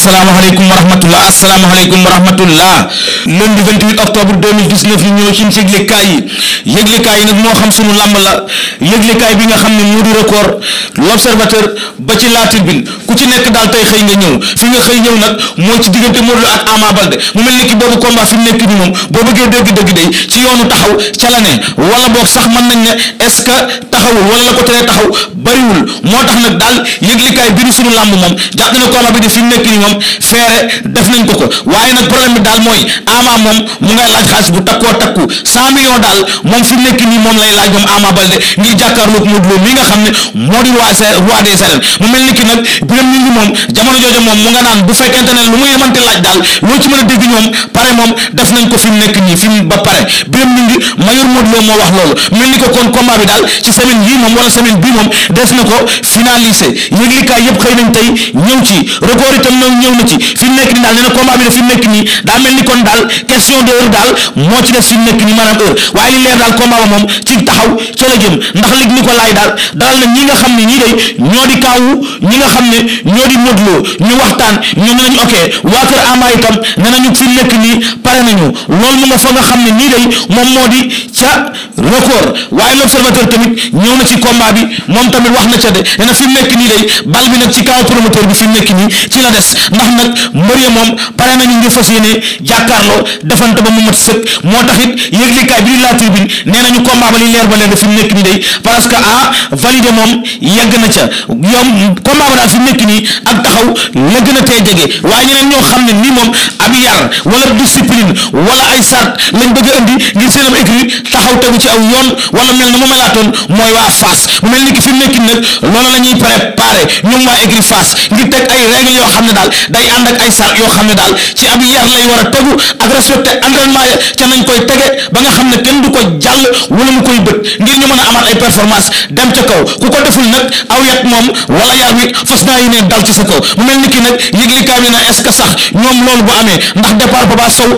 asalaamaaleykum wa rahmatullah asalaamaaleykum wa rahmatullah lundi 28 octobre 2019 ñu ñëw ci yëglekaay yi yëglekaay yi nag moo xam sunu làmb la yëglekaay bi nga xam ne moo di record l'observateur ba ci la tribune ku ci nekk daal tey xëy nga ñëw fi nga xëy ñëw nag moo ci diggante Modou Lo ak Ama Baldé mu mel ni ki boobu combat fi mu nekk ni moom boo bëggee dégg-dégg day ci yoonu taxaw ca la ne wala boog sax man nañ ne est ce que taxawul wala la ko teree taxaw bariwul moo tax nag daal yëglekaay bi sunu làmb moom jàpp na ne combat bi de nekk moom feere def nañ ko ko waaye nag problème bi daal mooy Ama moom mu ngay laaj xaalis bu takkoo takku cent millions daal moom fi nekk nii moom lay laaj moom moom jamono jooju moom mu nga naan bu fekkente ne lu muy mënti laaj daal loo ci mën a dégg def nañ ko fi mu nekk nii yëpp xëy nañ tey ñëw ci record itam ñëw na ci fi mu nekk nii daal nee na combat bi ne fi nekk nii daa mel ni kon daal question de daal moo ci des fi mu nekk nii maanaam heure waaye li leer daal combat ba moom ci taxaw ca la jëm ndax léegi ni ko laay daal dalal na ñi nga xam ne ñii day ñoo di kaawu ñi nga xam ne ñoo di modloo ñu waxtaan ñoom ne nañu ok waa kër Ama itam ne nañu fi mu nekk nii pare nañu loolu mu nga fa xam ne nii day moom moo di ca record waaye l'observateur tamit ñëw na ci combat bi moom tamit wax na ca de nee na fi mu nekk nii day bal bi nag ci kaw promoteur bi fi nekk nii ci la des ndax nag mbër ya moom pare nañu ngir fas yéene jàkkaarloo defante ba mu mat sëkk moo tax it yëglikaay bi di laa tribune nee nañu combat ba li leer ba leer fi mu nekk nii day parce que ah validé moom yegg na ca yow combat ba daal fi mu nekk nii ak taxaw la gën a tee jege waaye ñeneen ñoo xam ne nii moom ab wala discipline wala ay sart lañ bëgg a indi ngir seen am écrit taxaw tegu ci aw yoon wala mel na mu melaatoon mooy waa Fass mu mel ni ki fi mu nekk nii nag loolu la ñuy préparé ñoom waa egri Fass ngir teg ay règle yoo xam ne daal day ànd ak ay sart yoo xam ne daal ci am yar lay war a tegu ak respecté entraînement ya ca nañ koy tege ba nga xam ne kenn du ko jàll wala mu koy bët ngir ñu mën a amaat ay performance dem ca kaw ku ko deful nag aw yat moom wala yar wi fas naa yi ne dal ci sa kaw mu mel ni ki nag yëglikaay bi na est ce que sax ñoom loolu bu amee ndax départ Papa Sow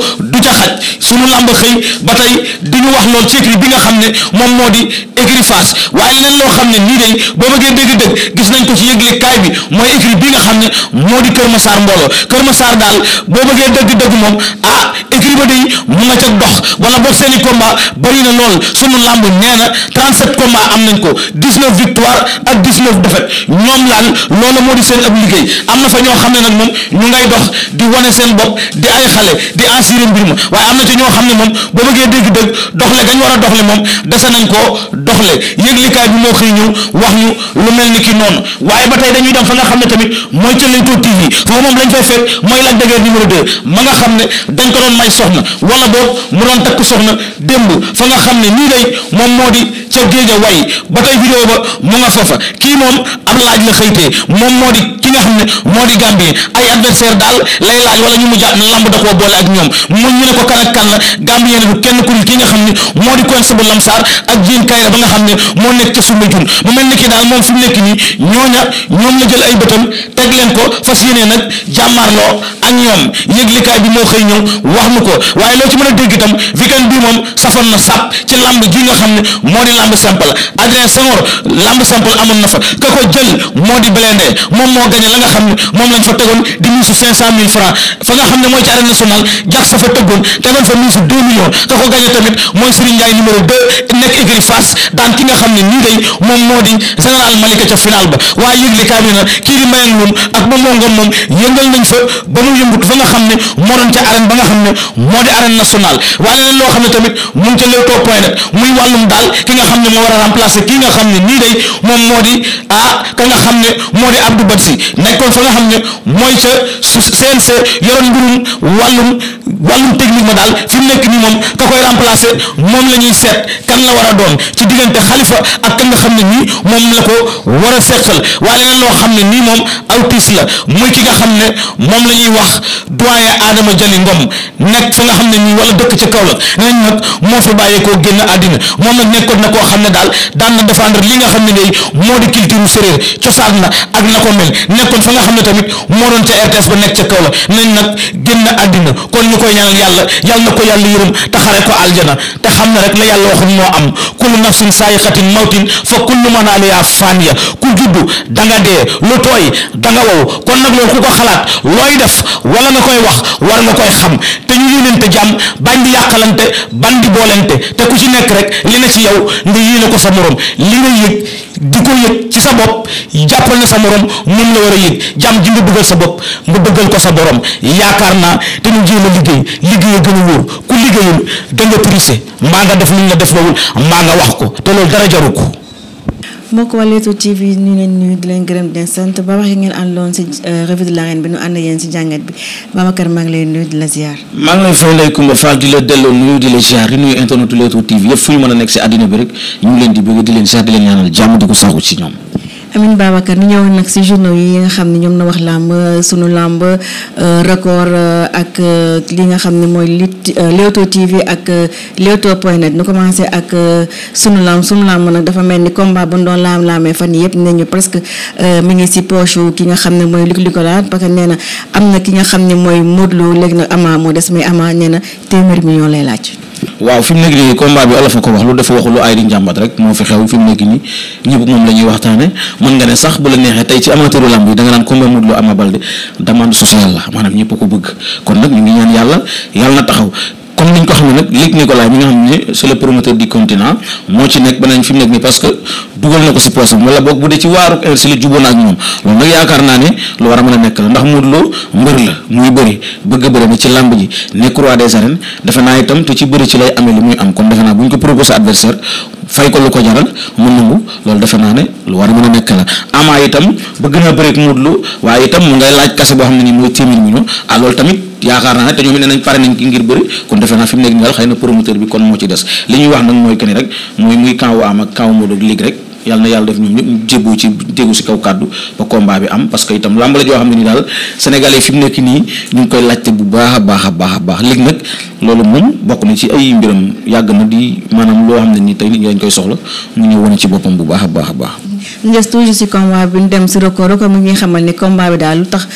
ca xaj sunu làmb xëy ba tey di ñu wax lool ci écrit bi nga xam ne moom moo di écrit face waaye leneen loo xam ne nii day boo bëggee dégg-dégg gis nañ ko ci yëgle kaay bi mooy écrit bi nga xam ne moo di Kër Massar mbooloo Kër Massar daal boo bëggee dégg-dégg moom ah écrit ba day mu nga ca dox wala boog seen i ba bari ne lool suñu làmb nee na 37 combat am nañ ko 19 victoire ak 19 défaite ñoom laal loolu moo di seen ab liggéey am na fa ñoo xam ne nag moom ñu ngay dox di wane seen bopp di ay xale di assurer mbir jàmm waaye am na ci ñoo xam ne moom boo bëggee dégg-dëgg doxle gañ war a doxle moom dese nañ koo doxle yëglikaay bi moo xëy ñëw wax ñu lu mel ni kii noonu waaye ba tey dañuy dem fa nga xam ne tamit mooy ca Leewtoo TV foofu moom lañ fay fekk mooy Lac de Guiers numéro 2 ma nga xam ne dañ ko doon may soxna wala boog mu doon takk soxna démb fa nga xam ne nii lay moom moo di ca géeja way ba tey vidéo ba mu nga foofa kii moom ab laaj la xëytee moom moo di ki nga xam ne moo di Gambie ay adversaire daal lay laaj wala ñu mu jàpp ne lamb da koo boole ak ñoom mu ñu ne ko kan ak la Gambie ne ko kenn ku dul ki nga xam ne moo di coince bu lamsaar ak jéen kayra ba nga xam ne moo nekk ca sumba jun mu mel ni ki daal moom fi mu nekk nii ñooña moom la jël ay bëtam teg leen ko fa yéenee nag jàmmaarloo ak ñoom yëglikaay bi moo xëy ñëw wax nu ko waaye loo ci mën a dégg itam weekend bi moom safoon na sàpp ci lamb ji nga xam ne moo di lamb simple Adrien Senghor na fa ka ko jël moo di Blindé la nga xam ne moom lañ fa tegoon di fa nga xam ne mooy ci fa tegoon tegoon fa miisu deux millions ka ko gagné tamit nga moom moo di général Malika ca final ba waaye yëgle kaa bi na kii di ak ba moo ngam moom yëngal nañ fa ba mu yëngut fa nga xam ne moo doon ca arène nga xam ne moo di arène nationale mu ngi ca Leewtoo point muy wàllum daal ki nga xam ne moo war a remplacer kii xam ne nii day moom moo di ah ka nga xam ne moo di Abdou Badji nekkoon fa nga xam ne mooy ca CNC yoroon mbirum wàllum wàllum technique ma daal fi mu nekk nii moom ka koy remplacer moom la ñuy seet kan la war a doon ci diggante xalifa ak kan nga xam ne nii moom la ko war a seqal waaye leneen loo xam ne nii moom autis la muy ki nga xam ne moom la ñuy wax doyen Adama Jali Ngom nekk fa nga xam ne nii wala dëkk ca Kaolack nee nañ nag moo fa koo génn àddina moom nag nekkoon na ko boo xam ne daal daan na défendre li nga xam ne day moo di culture séréer cosaan na ak na ko mel nekkoon fa nga xam ne tamit moo doon ca RTS ba nekk ca kaw la nañ nag génn àddina kon ñu koy ñaanal yàlla yàlla na ko yàlla yërëm te xare ko aljana te xam ne rek la yàlla ku juddu da nga dee lu tooy da nga wow kon nag loolu ku ko xalaat looy def wala nga koy wax war nga koy xam te ñu yéenante jàmm bañ di yàqalante bañ di boolente te ku ci nekk rek li na ci yow nga yéene ko sa morom li nga yëg di ko yëg ci sa bopp jàppal ne sa morom moom la war a yëg jàmm ji nga bëggal sa bopp nga bëggal ko sa borom yaakaar naa te ñu jéem a liggéey liggéey gën a wóor ku liggéeyul da nga triser mbaa nga def lu ñu la def lawul nga wax ko te loolu dara jaru ko mbokk waa Leewtoo TV ñu leen nuyu di leen gërëm di leen sant ba wax yi ngeen àndoon si euh, revue de bi ñu ànd yéen si jàngat bi Babacar maa ngi lay nuyu di la ziar maa ngi lay fay lay Koumba di la delloo nuyu di la ziar di nuyu internetu TV yëpp fu ñu mën a nekk si àddina bi rek ñu leen di bëgg di leen ziar di leen ñaanal jàmm di ko saxu ci ñoom Amine Babacar ni ñëwoon nag si journaux yi nga xam ne ñoom na wax làmb suñu làmb euh, record euh, ak euh, lii nga xam ne mooy lit Leewtoo TV ak Leewtoo point net ñu commencé ak sunu làmb sunu làmb nag dafa mel ni combat ba ñu doon laam-laamee fan yii yëpp nee ñu presque mi ngi si poche ki nga xam ne mooy ko laa parce que nee na am na ki nga xam ne mooy Modou Lo léegi nag Ama moo des mais Ama nee na téeméer million lay laaj. waaw fi mu nekk nii combat bi olof a ko wax lu dafa waxul lu ay di njàmbat rek moo fi xew fi mu nekk nii ñëpp moom la waxtaane mën nga ne sax bu la neexee tey ci amateuru lamb yi da nga naan combat Modou Lo Ama Baldé demande sociale la maanaam ñëpp ko bëgg kon nag ñu ngi ñaan yàlla yàlla na taxaw comme niñ ko xamee nag Luc Nicolaï mi nga xam ne c'est le promoteur du continent moo ci nekk ba nañ fi nekk nii parce que dugal na ko si poosam wala boog bu dee ci waaru énergie la jubóo ak ñoom loolu nag yaakaar naa ne lu war a mën a nekk la ndax Modou Lo mbër la muy bëri bëgg bëri na ci làmb ji nekk roi des arènes defe naa itam te ci bëri ci lay amee li muy am kon defe naa bu ñu ko proposé adversaire fay ko lu ko jaral mu nangu loolu defe naa ne lu war a mën a nekk la ama itam bëgg naa bëreek Modou waaye itam mu ngay laaj kase boo xam ne nii mooy téeméer ah, tamit yaakaar naa te ñoom it nañ pare nañ ki ngir bëri kon defe naa fi mu nekk nii daal bi kon moo ci des li ñuy wax nag mooy que ni rek mooy muy kawu ama kawu Modou ak léegi rek yàlla na yàlla def ñoom ñëpp jébboo ci jégu am parce que itam làmb la joo xam ne ni daal sénégalais fi mu nekk nii ñu ngi koy laajte bu baax a a baax a baax léegi loolu moom bokk na ci ay mbiram yàgg na di maanaam loo xam ne nii tey nit ñu koy soxla mu ñëw wane ci boppam bu baax a baax a baax ngees toujours si combat bi ñu dem si record record mi ngi xamal ni combat bi daal lu tax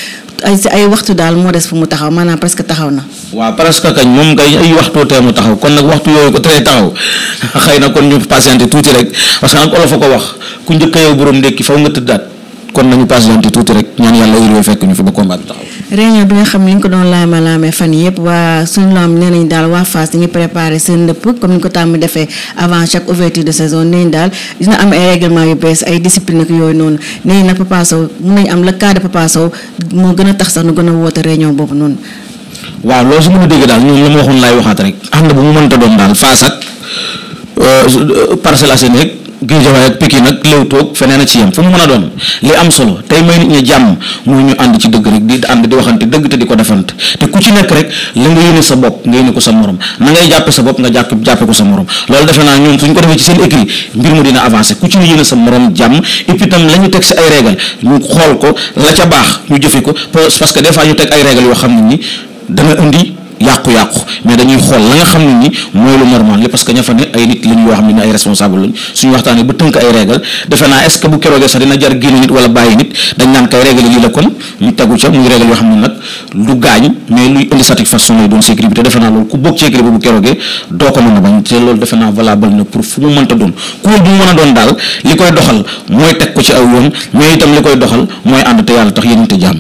ay si ay waxtu daal moo des fu mu taxaw maanaam presque taxaw na. waaw presque kañ moom kay ay waxtu tee mu taxaw kon nag waxtu yooyu ko teree taxaw xay na kon ñu patienté tuuti rek parce que nag olof a ko wax ku njëkk yow borom ndékki faw nga tëddaat. kon nañu patienté tuuti rek ñaan yàlla heure yooyu fekk ñu fi ba combat taxaw. réunion bi nga xam ni ñu ko doon laama laamee fan yëpp waa suñu laam nee nañ daal waa Fass dañuy préparé seen ndëpp comme ni ko tàmm defee avant chaque ouverture de saison nee daal dina am ay règlement yu bees ay discipline ak yooyu noonu nee nañ nag Papa am le cas de Papa moo gën a tax sax nu gën a woote réunion boobu noonu. waaw loolu su mën dégg daal ñun li laay waxaat rek ànd bu mu mënta doon daal Fass ak euh, euh, Parcelles Assainies rek. Géejawaay ak Pikine nag Leewtoo feneen a ci yem fu mu mën a doon li am solo tey may nit ñi jàmm mooy ñu ànd ci dëgg rek di ànd di waxante dëgg te di ko defante te ku ci nekk rek la nga yéene sa bopp nga yéene ko sa morom na ngay jàppe sa bopp nga jàpp jàppe ko sa morom loolu defe naa ñoom suñ ko defee ci seen écrit mbir mu dina avancé ku ci yéene sa morom jàmm et puis tam la ñu teg si ay régal ñu xool ko la ca baax ñu jëfe ko parce que des fois ñu teg ay régal yoo xam ne ni dana yàqu-yàqu mais dañuy xool la nga xam ne ni mooy lu normal li parce que ña fa ne ay nit lañ yoo xam ne ni ay responsable lañ suñu waxtaanee ba tënk ay régal defe naa est bu keroogee sax dina jar génn nit wala bàyyi nit dañ naan kay régal yi la kon ñu tegu ca muy régal yoo doon ku bokk a bañ te loolu defe naa valable na pour mu mënta a doon daal li koy doxal mooy teg ko ci aw yoon mais itam li koy doxal mooy ànd te yàlla tax yéen jàmm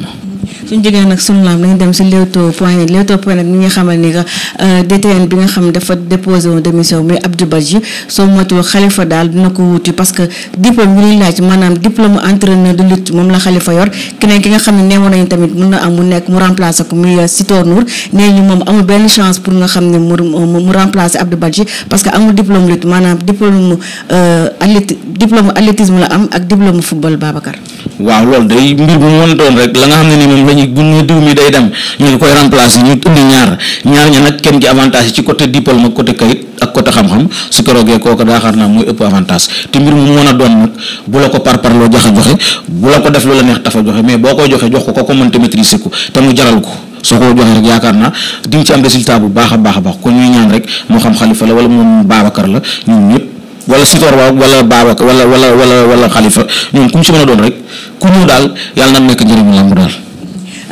suñu jógee nag sunu laam dañu dem si Leewtoo point net Leewtoo point net mi nga xamal ni que euh, DTN bi nga xam dafa déposé woon démission muy Abdou Badji soo moytuwul Khalifa daal dina ko wuti parce que diplôme bi ñuy laaj maanaam diplôme entraîneur de lutte moom la Khalifa yor keneen ki nga xam ne neewoon nañu tamit mun na am mu nekk mu remplacer ko muy euh, Sitor Nour benn chance pour nga xam ne mu mu remplacer Abdou Badji parce que amul diplôme lutte maanaam diplôme euh, athlète diplôme athlétisme la am ak diplôme football Babacar. waaw loolu day mbir mu mën doon rek la nga xam ne ni moom la ñuy gunne diw mi day dem ñu ngi koy remplacer ñu ñaar ñaar ña nag kenn ci avantage yi ci côté diplôme ak côté kayit ak côté xam su ko roogee kooku daaxaar naa mooy ëpp avantage mu mën a doon bu la ko parparloo jaxa joxe bu la ko def lu la neex tafa joxe mais boo koy joxe jox ko ko ko mën te maîtriser ko te mu jaral ko soo ko joxee rek yaakaar naa di nga ci am bu baax a baax a baax kon ñaan rek moo xam Xalifa la wala moom Babacar la ñun ñëpp wala Sitor waaw wala Babacar wala wala wala wala Khalifa ñoom ku mu si a doon rek ku ñëw daal yàlla na nekk njëriñu làmb daal.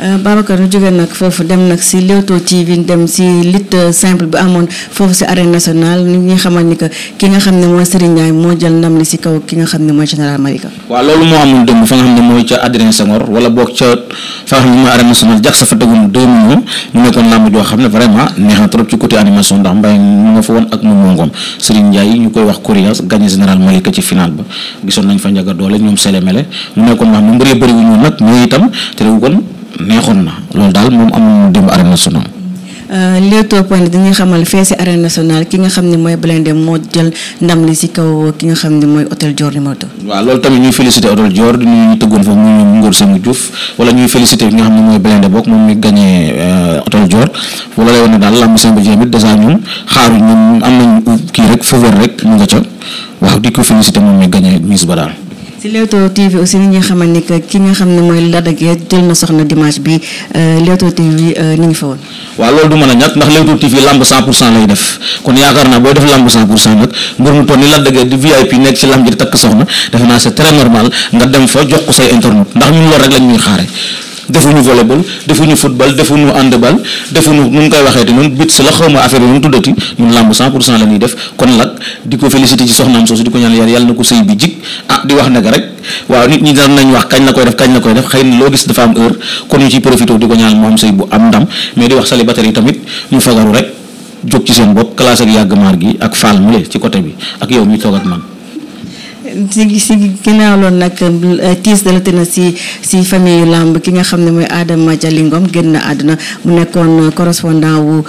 Euh, Babacar ñu jógee nag foofu dem nag si Leewtoo TV dem si lutte simple bi amoon foofu si arène nationale ñu ngi xamal ni que ki nga xam ne mooy Serigne Ndiaye moo jël ndam li si kaw ki nga xam ne mooy général Malika. waaw loolu moo xam ne mooy ca Adrien Senghor wala boog ca fa nga xam ne mooy arène nationale jàkk sa fa tegoon deux millions xam ne vraiment neex na trop ci côté animation ndax mbay mu nga fa woon ak moom ngoom Serigne Ndiaye ñu koy wax Coriace gagné général Malika ci final ba gisoon nañ fa njaga doole ñoom Sele Mele mu nekkoon nga xam ne mbir yu nag ñooy itam te kon neexoon na loolu daal moom am na démb arène nationale. Euh, Leewtoo point net dañuy xamal fee si arène nationale ki nga xam ne mooy Blindé moo jël ndam li si kaw nga xam ne mooy hôtel Dior numéro 2. waaw loolu tamit ñuy félicité hôtel Dior di ñu tëggoon foofu muy ñoom Ngor Sëng Diouf wala ñuy félicité ki nga xam ne mooy Blindé bokk moom mi gagné euh, hôtel Dior wala lay wane daal lamb simple bi dèjà ñun xaaruñ ñun am nañ kii rek faveur rek mu nga ca waaw di ko félicité moom mi gagné mise ba daal. si Leewtoo TV aussi ni nga xamal ni que ki nga xam ne mooy Lac jël na soxna dimanche bi euh, Leewtoo TV euh, ni ngi fa woon waaw loolu du mën a ñàkk ndax Leewtoo TV lamb 100 pour cent lay def kon yaakaar naa booy def lamb 100 pour cent nag mbir mu toll ni Lac de Guiers di VIP nekk ci lamb ji di takk soxna defe naa c'est très nga dem fa jox ko say internet ndax ñun loolu rek lañ xaare defuñu volleyball defuñu football defuñu handball defuñu nu ñu koy waxee te ñun bit si la xaw ma affaire bi ñu tuddati ñun làmb 100 pour cent la ñuy def kon nag di ko féliciter ci soxnaam soosu di ko ñaan yàlla yàlla na ko sëy bi jig ah di wax nag rek waaw nit ñi daan nañ wax kañ na koy def kañ na koy def xëy na loo gis dafa am heure kon ñu ciy profité di ko ñaan moom sëy bu am ndam mais di wax célibataire yi tamit ñu fagaru rek jóg ci seen bopp classe ak maar gi ak faal ci côté bi ak yow mi toog ak si si ginnaaw loolu nag euh, tiis dalate na si si famille yu làmb ki nga xam ne mooy Adama Dialy Ngom génn na àdduna mu euh,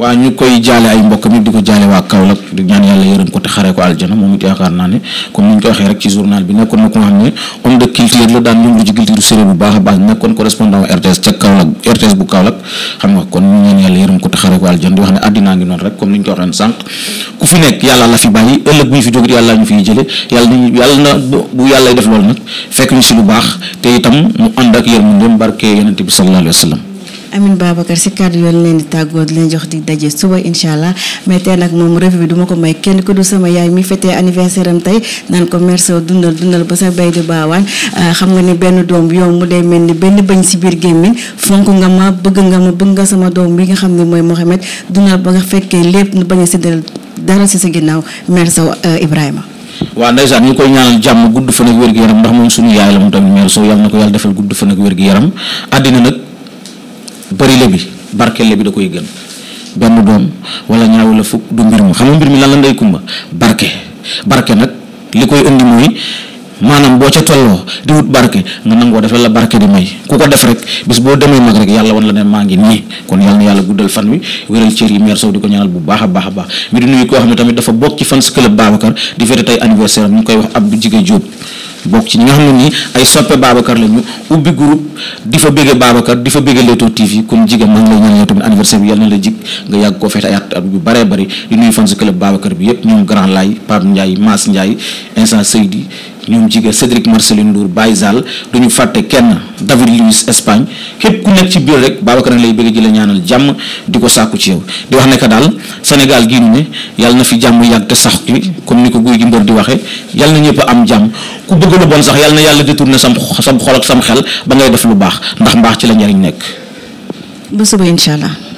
euh, ñu koy jaale mbokk mi di ko jaale waa Kaolack di ñaan yàlla yërëm ko te xaree ko aljana moom naa ne comme ni ñu ko waxee rek ci journal bi nekkoon na ko xam ne homme de culture la daan yëngu ci culture séeréer a ngi noonu rek comme ni ñu ko waxee sànq ku fi nekk yàlla la fi bàyyi ëllëg nañ fi jógut yàlla ñu fiy jële yàlla nañ yàlla na bu baax te itam mu ànd ak yërmandeem barke yonent bi sallallahu alayhi wa sallam Amin Babacar si kàddu tàggoo di jox di daje suba incha allah mais tey nag moom revue bi du ma ko may kenn ku du sama yaay mi fêté anniversaire am tey naan ko merci dundal dundal ba sa bay di baawaan euh, xam nga ni benn doom yow mu day mel ni benn bañ si biir gémmiñ fonk nga ma bëgg nga ma bëgg nga sama doom bi nga xam ne mooy Mohamed dundal ba nga fekkee lépp nu bañ a séddale dara si sa ginnaaw maire sa eh, Ibrahima. waa waaw ndeysaan ñu koy ñaanal jàmm gudd fan ak wér-gu-yaram ndax moom suñu yaay la mu tamit maire Sow yàlla na ko yàlla defal gudd fan ak wér-gu-yaram àddina nag bëri la bi barkeel bi da koy gën benn doom wala ñaar wala fukk du mbir mi xam nga mbir mi lan la ndey kumba barke barke nag li koy indi mooy. maanaam boo ca tolloo di wut barke nga nangoo def la barke di may ku ko def rek bis boo demee mag rek yàlla wan la ne maa ngi nii kon yàlla yàlla guddal fan wi wéral cër yi meer sow di ko ñaanal bu baax a baax a baax mi di nuyu koo xam ne tamit dafa bokk ci fans club Babacar di fête tey anniversaire am ñu ngi koy wax Abdou Jigé Diop bokk ci ñi nga xam ne nii ay soppe Babacar lañu ubbi groupe di fa bëgge Babacar di fa bëgge Leewtoo TV kon jigéen maa ngi lay ñaanal tamit anniversaire bi yàlla na la jig nga yàgg koo feete ay at at yu bëree bëri di nuyu fans club Babacar bi yëpp ñoom Grand Laye Pape Ndiaye Mass Ndiaye Instant Seydi ñoom jigéen Cédric Marcelin Ndour Baye Zal duñu fàtte kenn David Luiz Espagne képp ku nekk ci biir rek Babacar nag lay bëgg ji la ñaanal jàmm di ko sàkku ci yow di wax ne que daal Sénégal gii ñu ne yàlla na fi jàmm yàgg sax ki comme ni ko guy gi mbër di waxee yàlla na ñëpp am jàmm gën a bon sax yàlla na yàlla détourné sam sam xol ak sam xel ba ngay def lu baax ndax mbaax ci la njariñ nekk ba suba incha allah